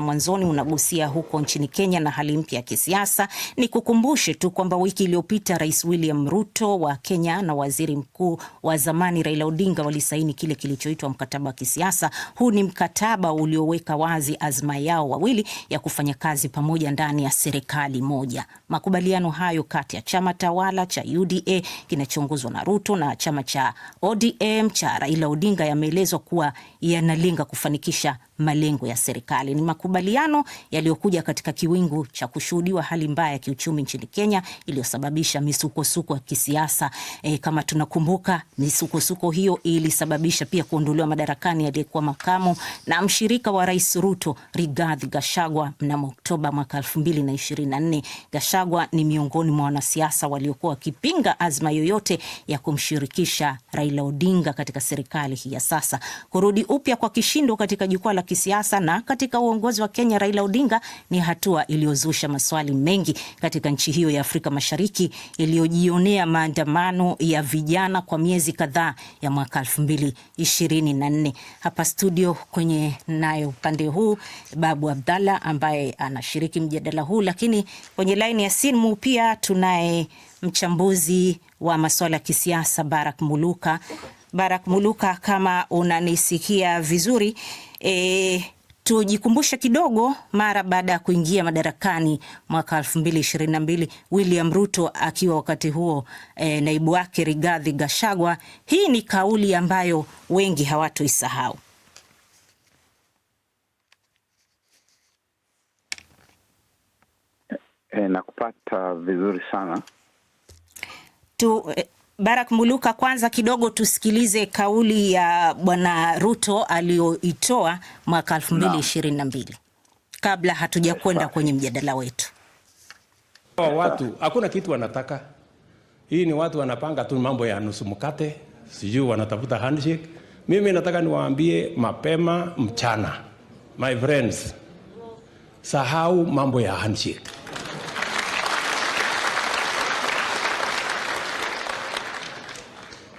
Mwanzoni unagusia huko nchini Kenya na hali mpya ya kisiasa. Ni kukumbushe tu kwamba wiki iliyopita Rais William Ruto wa Kenya na Waziri Mkuu wa zamani Raila Odinga walisaini kile kilichoitwa mkataba wa kisiasa. Huu ni mkataba ulioweka wazi azma yao wawili ya kufanya kazi pamoja ndani ya serikali moja. Makubaliano hayo kati ya chama tawala cha UDA kinachoongozwa na Ruto na chama cha ODM cha Raila Odinga yameelezwa kuwa yanalenga kufanikisha malengo ya serikali. Ni makubaliano yaliyokuja katika kiwingu cha kushuhudiwa hali mbaya ya kiuchumi nchini Kenya iliyosababisha misukosuko ya kisiasa. E, kama tunakumbuka misukosuko hiyo ilisababisha pia kuondolewa madarakani aliyekuwa makamu na mshirika wa Rais Ruto Rigathi Gachagua mnamo Oktoba mwaka 2024. Gachagua ni miongoni mwa wanasiasa waliokuwa wakipinga azma yoyote ya kumshirikisha Raila Odinga katika serikali hii ya sasa. Kurudi upya kwa kishindo katika jukwaa la kisiasa na katika uongozi wa Kenya Raila Odinga ni hatua iliyozusha maswali mengi katika nchi hiyo ya Afrika Mashariki iliyojionea maandamano ya vijana kwa miezi kadhaa ya mwaka 2024. Hapa studio kwenye nayo upande huu Babu Abdalla ambaye anashiriki mjadala huu, lakini kwenye laini ya simu pia tunaye mchambuzi wa masuala ya kisiasa Barak Muluka. Barak Muluka, kama unanisikia vizuri e, Tujikumbushe kidogo, mara baada ya kuingia madarakani mwaka mbili William Ruto akiwa wakati huo e, naibu wake Rigathi Gachagua, hii ni kauli ambayo wengi hawatoisahau. E, nakupata vizuri sana tu, e, Barak Muluka, kwanza kidogo tusikilize kauli ya Bwana Ruto aliyoitoa mwaka mbili kabla hatujakwenda kwenye mjadala wetu. Watu hakuna kitu wanataka. Hii ni watu wanapanga tu mambo ya nusu mkate, sijui wanatafuta handshake. Mimi nataka niwaambie mapema mchana, my friends, sahau mambo ya handshake.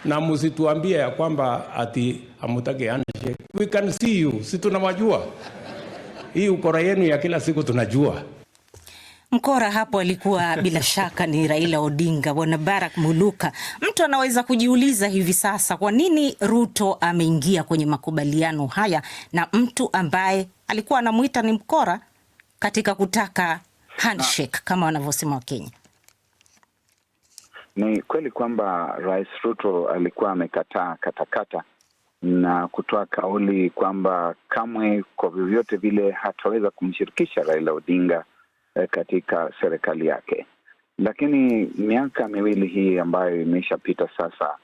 na msituambie ya kwamba ati hamutaki handshake. We can see you, si tunawajua hii ukora yenu ya kila siku tunajua. Mkora hapo alikuwa bila shaka ni Raila Odinga, bwana Barak Muluka. Mtu anaweza kujiuliza hivi sasa, kwa nini Ruto ameingia kwenye makubaliano haya na mtu ambaye alikuwa anamwita ni mkora katika kutaka handshake kama wanavyosema Wakenya? Ni kweli kwamba Rais Ruto alikuwa amekataa katakata na kutoa kauli kwamba kamwe kwa vyovyote vile hataweza kumshirikisha Raila Odinga eh, katika serikali yake. Lakini miaka miwili hii ambayo imeshapita sasa,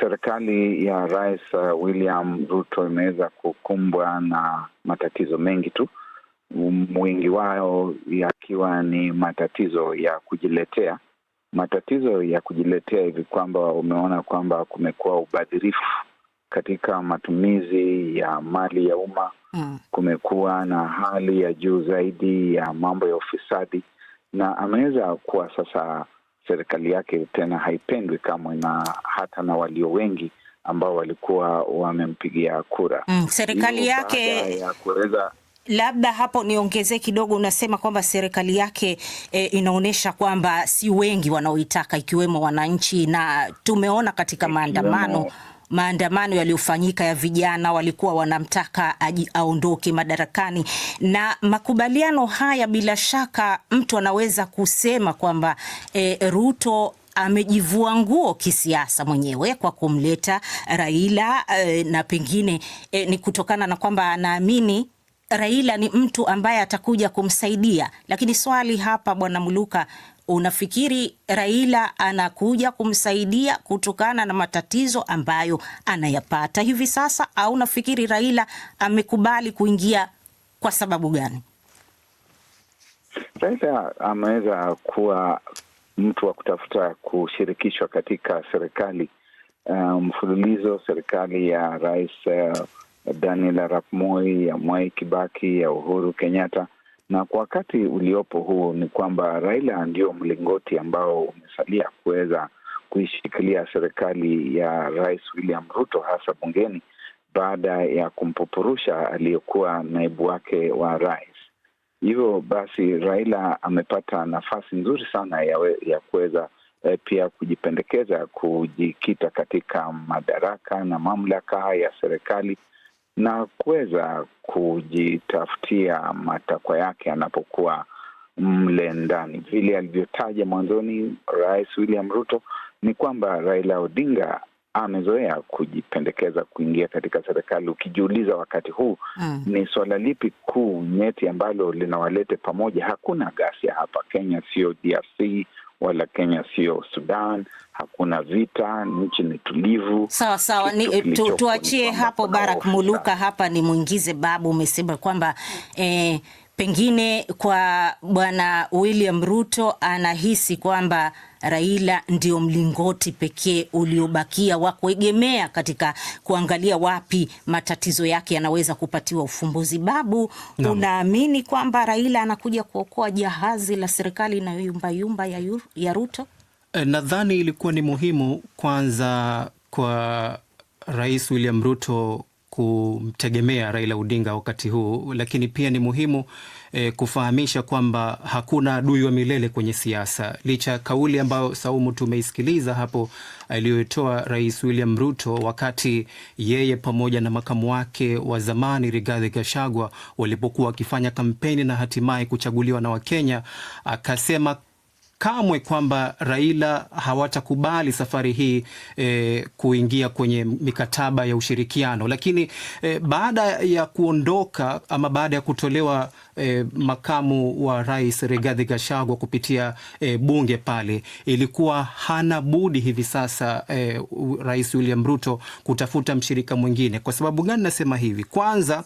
serikali ya Rais uh, William Ruto imeweza kukumbwa na matatizo mengi tu, wengi wao yakiwa ni matatizo ya kujiletea matatizo ya kujiletea hivi kwamba umeona kwamba kumekuwa ubadhirifu katika matumizi ya mali ya umma mm. Kumekuwa na hali ya juu zaidi ya mambo ya ufisadi, na ameweza kuwa sasa serikali yake tena haipendwi kamwe na hata na walio wengi ambao walikuwa wamempigia kura mm. Serikali yake ya kuweza labda hapo niongezee kidogo, unasema kwamba serikali yake e, inaonyesha kwamba si wengi wanaoitaka ikiwemo wananchi, na tumeona katika eh, maandamano maandamano yaliyofanyika ya vijana walikuwa wanamtaka aondoke madarakani. Na makubaliano haya, bila shaka mtu anaweza kusema kwamba e, Ruto amejivua nguo kisiasa mwenyewe kwa kumleta Raila e, na pengine e, ni kutokana na kwamba anaamini Raila ni mtu ambaye atakuja kumsaidia, lakini swali hapa, Bwana Muluka, unafikiri Raila anakuja kumsaidia kutokana na matatizo ambayo anayapata hivi sasa, au unafikiri Raila amekubali kuingia kwa sababu gani? Raila ameweza kuwa mtu wa kutafuta kushirikishwa katika serikali eh, mfululizo, um, serikali ya rais uh, Daniel Arap Moi, ya Mwai Kibaki, ya Uhuru Kenyatta. Na kwa wakati uliopo huu ni kwamba Raila ndio mlingoti ambao umesalia kuweza kuishikilia serikali ya Rais William Ruto, hasa bungeni, baada ya kumpupurusha aliyekuwa naibu wake wa rais. Hivyo basi Raila amepata nafasi nzuri sana ya, ya kuweza eh, pia kujipendekeza, kujikita katika madaraka na mamlaka ya serikali na kuweza kujitafutia matakwa yake anapokuwa mle ndani. Vile alivyotaja mwanzoni Rais William Ruto ni kwamba Raila Odinga amezoea kujipendekeza kuingia katika serikali. Ukijiuliza wakati huu mm, ni swala lipi kuu nyeti ambalo linawalete pamoja? Hakuna gasia hapa Kenya, sio DRC, wala Kenya sio Sudan, hakuna vita, nchi ni tulivu. Sawa sawa, eh, tuachie hapo. Barak Muluka hapa ni mwingize Babu. Umesema kwamba eh, Pengine kwa Bwana William Ruto anahisi kwamba Raila ndio mlingoti pekee uliobakia wa kuegemea katika kuangalia wapi matatizo yake yanaweza kupatiwa ufumbuzi. Babu, Unaamini kwamba Raila anakuja kuokoa jahazi la serikali inayoyumbayumba ya, ya Ruto? Eh, nadhani ilikuwa ni muhimu kwanza kwa Rais William Ruto kumtegemea Raila Odinga wakati huu, lakini pia ni muhimu e, kufahamisha kwamba hakuna adui wa milele kwenye siasa, licha ya kauli ambayo Saumu tumeisikiliza hapo aliyoitoa Rais William Ruto wakati yeye pamoja na makamu wake wa zamani Rigathi Gachagua walipokuwa wakifanya kampeni na hatimaye kuchaguliwa na Wakenya, akasema kamwe kwamba Raila hawatakubali safari hii e, kuingia kwenye mikataba ya ushirikiano. Lakini e, baada ya kuondoka ama baada ya kutolewa e, makamu wa rais Rigathi Gachagua kupitia e, bunge pale, ilikuwa hana budi hivi sasa e, Rais William Ruto kutafuta mshirika mwingine. Kwa sababu gani nasema hivi? Kwanza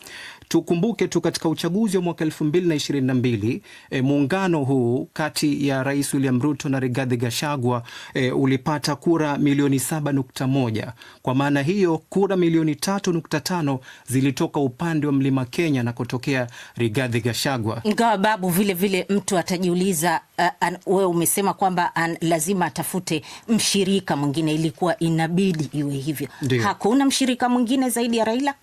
Tukumbuke tu katika uchaguzi wa mwaka 2022 e, eh, muungano huu kati ya Rais William Ruto na Rigathi Gachagua e, ulipata kura milioni 7.1. Kwa maana hiyo kura milioni 3.5 zilitoka upande wa Mlima Kenya na kutokea Rigathi Gachagua. Ingawa babu, vile vile mtu atajiuliza uh, wewe umesema kwamba lazima atafute mshirika mwingine, ilikuwa inabidi iwe hivyo. Ndiyo. Hakuna mshirika mwingine zaidi ya Raila?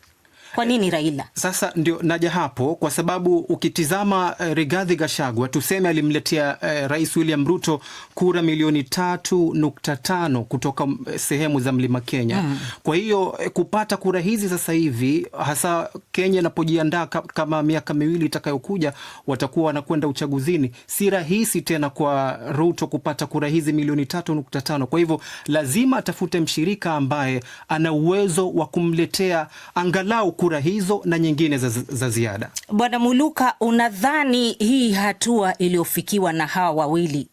Kwa nini Raila? Sasa ndio naja hapo, kwa sababu ukitizama eh, Rigathi Gachagua tuseme alimletea eh, Rais William Ruto kura milioni tatu nukta tano kutoka eh, sehemu za Mlima Kenya mm. Kwa hiyo eh, kupata kura hizi sasa hivi hasa Kenya inapojiandaa kama miaka miwili itakayokuja watakuwa wanakwenda uchaguzini, si rahisi tena kwa Ruto kupata kura hizi milioni tatu nukta tano. Kwa hivyo lazima atafute mshirika ambaye ana uwezo wa kumletea angalau kura hizo na nyingine za, za ziada. Bwana Muluka, unadhani hii hatua iliyofikiwa na hawa wawili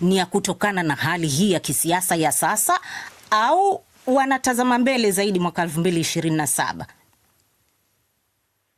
ni ya kutokana na hali hii ya kisiasa ya sasa au wanatazama mbele zaidi mwaka saba?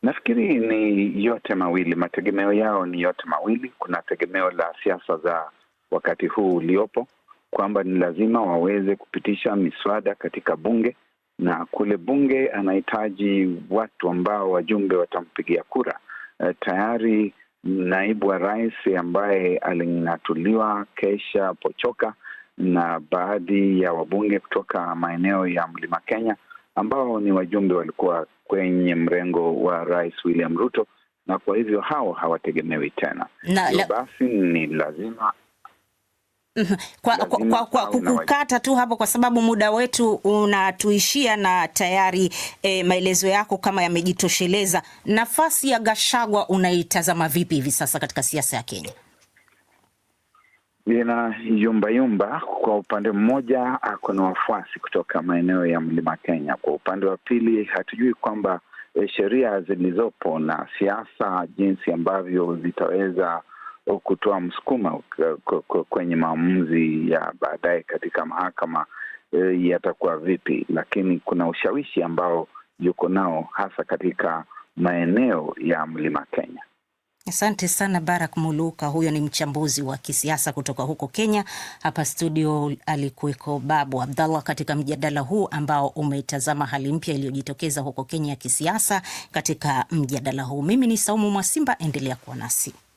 Nafikiri ni yote mawili, mategemeo yao ni yote mawili. Kuna tegemeo la siasa za wakati huu uliopo kwamba ni lazima waweze kupitisha miswada katika bunge na kule bunge anahitaji watu ambao wajumbe watampigia kura. E, tayari naibu wa rais ambaye aling'atuliwa Kesha Pochoka na baadhi ya wabunge kutoka maeneo ya Mlima Kenya ambao ni wajumbe walikuwa kwenye mrengo wa Rais William Ruto, na kwa hivyo hao hawategemewi tena. Basi ni lazima Mhm. Kwa, kwa, kwa, kwa kukukata tu hapo kwa sababu muda wetu unatuishia na tayari e, maelezo yako kama yamejitosheleza. Nafasi ya gashagwa unaitazama vipi hivi sasa katika siasa ya Kenya? Ina yumba yumba. Kwa upande mmoja ako na wafuasi kutoka maeneo ya mlima Kenya, kwa upande wa pili hatujui kwamba eh, sheria zilizopo na siasa jinsi ambavyo zitaweza kutoa msukuma kwenye maamuzi ya baadaye katika mahakama eh, yatakuwa vipi, lakini kuna ushawishi ambao yuko nao hasa katika maeneo ya mlima Kenya. Asante sana Barak Muluka, huyo ni mchambuzi wa kisiasa kutoka huko Kenya. Hapa studio alikuweko Babu Abdallah katika mjadala huu ambao umetazama hali mpya iliyojitokeza huko Kenya ya kisiasa. Katika mjadala huu, mimi ni Saumu Mwasimba, endelea kuwa nasi.